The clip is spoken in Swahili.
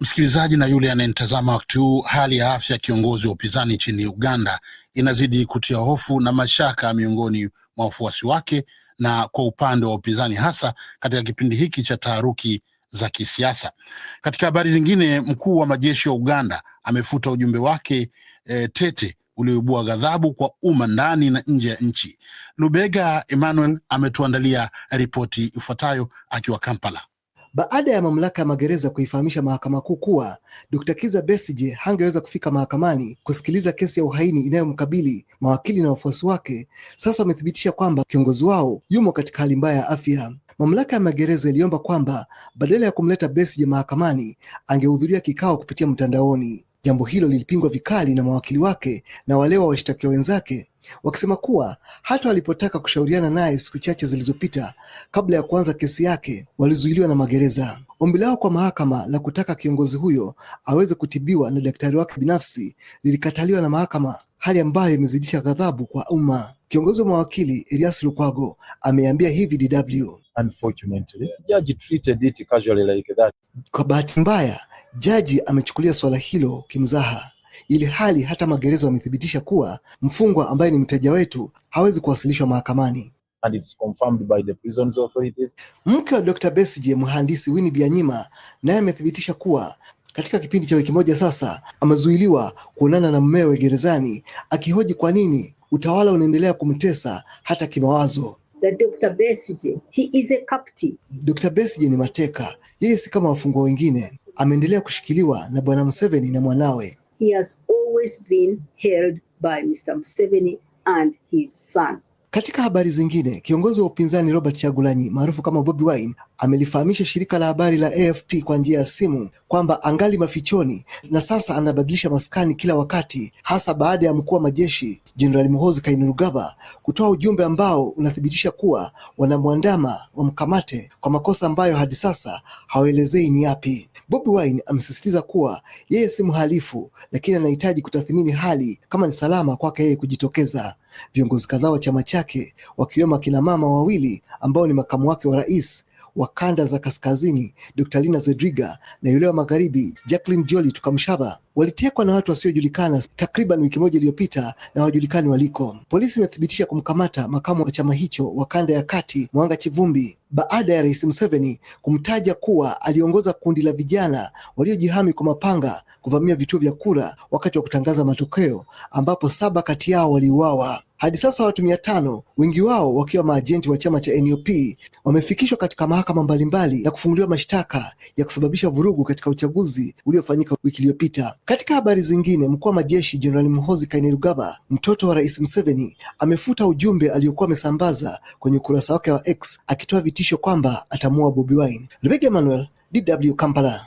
Msikilizaji na yule anayenitazama wakati huu, hali ya afya ya kiongozi wa upinzani nchini Uganda inazidi kutia hofu na mashaka miongoni mwa wafuasi wake na kwa upande wa upinzani, hasa katika kipindi hiki cha taharuki za kisiasa. Katika habari zingine, mkuu wa majeshi ya Uganda amefuta ujumbe wake e, tete ulioibua ghadhabu kwa umma ndani na nje ya nchi. Lubega Emmanuel ametuandalia ripoti ifuatayo akiwa Kampala. Baada ya mamlaka ya magereza kuifahamisha mahakama kuu kuwa Dkt. kiza besije hangeweza kufika mahakamani kusikiliza kesi ya uhaini inayomkabili, mawakili na wafuasi wake sasa wamethibitisha kwamba kiongozi wao yumo katika hali mbaya ya afya. Mamlaka ya magereza iliomba kwamba badala ya kumleta besije mahakamani angehudhuria kikao kupitia mtandaoni. Jambo hilo lilipingwa vikali na mawakili wake na wale wa washtakiwa wenzake wakisema kuwa hata walipotaka kushauriana naye siku chache zilizopita kabla ya kuanza kesi yake walizuiliwa na magereza. Ombi lao kwa mahakama la kutaka kiongozi huyo aweze kutibiwa na daktari wake binafsi lilikataliwa na mahakama, hali ambayo imezidisha ghadhabu kwa umma. Kiongozi wa mawakili Elias Lukwago ameambia hivi DW. Unfortunately, judge treated it casually like that. Kwa bahati mbaya, jaji amechukulia swala hilo kimzaha, ili hali hata magereza wamethibitisha kuwa mfungwa ambaye ni mteja wetu hawezi kuwasilishwa mahakamani. And it's confirmed by the prisons authorities. Mke wa Dr. Besigye, mhandisi Winnie Byanyima, naye amethibitisha kuwa katika kipindi cha wiki moja sasa amezuiliwa kuonana na mmewe gerezani, akihoji kwa nini utawala unaendelea kumtesa hata kimawazo. The Dr. Besigye, he is a captive. Dr. Besigye ni mateka, yeye si kama wafungwa wengine. Ameendelea kushikiliwa na bwana Museveni na mwanawe. He has always been held by Mr. Museveni and his son. Katika habari zingine, kiongozi wa upinzani Robert Chagulanyi maarufu kama Bobi Wine amelifahamisha shirika la habari la AFP kwa njia ya simu kwamba angali mafichoni na sasa anabadilisha maskani kila wakati, hasa baada ya mkuu wa majeshi Jenerali Muhoozi Kainerugaba kutoa ujumbe ambao unathibitisha kuwa wanamwandama wamkamate kwa makosa ambayo hadi sasa hawaelezei ni yapi. Bobi Wine amesisitiza kuwa yeye si mhalifu, lakini anahitaji kutathmini hali kama ni salama kwake yeye kujitokeza. Viongozi kadhaa wa chama chake yake wakiwemo akina mama wawili ambao ni makamu wake wa rais wa kanda za kaskazini Dr. Lina Zedriga na yule wa magharibi Jacqueline Joli Tukamshaba walitekwa na watu wasiojulikana takriban wiki moja iliyopita na wajulikani waliko. Polisi imethibitisha kumkamata makamu wa chama hicho wa kanda ya kati Mwanga Chivumbi baada ya Rais Museveni kumtaja kuwa aliongoza kundi la vijana waliojihami kwa mapanga kuvamia vituo vya kura wakati wa kutangaza matokeo ambapo saba kati yao waliuawa. Hadi sasa watu mia tano, wengi wao wakiwa maajenti wa chama cha NUP wamefikishwa katika mahakama mbalimbali na kufunguliwa mashtaka ya kusababisha vurugu katika uchaguzi uliofanyika wiki iliyopita. Katika habari zingine, mkuu wa majeshi Jenerali mhozi Kainerugaba, mtoto wa Rais Museveni, amefuta ujumbe aliokuwa amesambaza kwenye ukurasa wake wa X akitoa vitisho kwamba atamuua Bobi Wine. Rebecca Emmanuel, DW Kampala.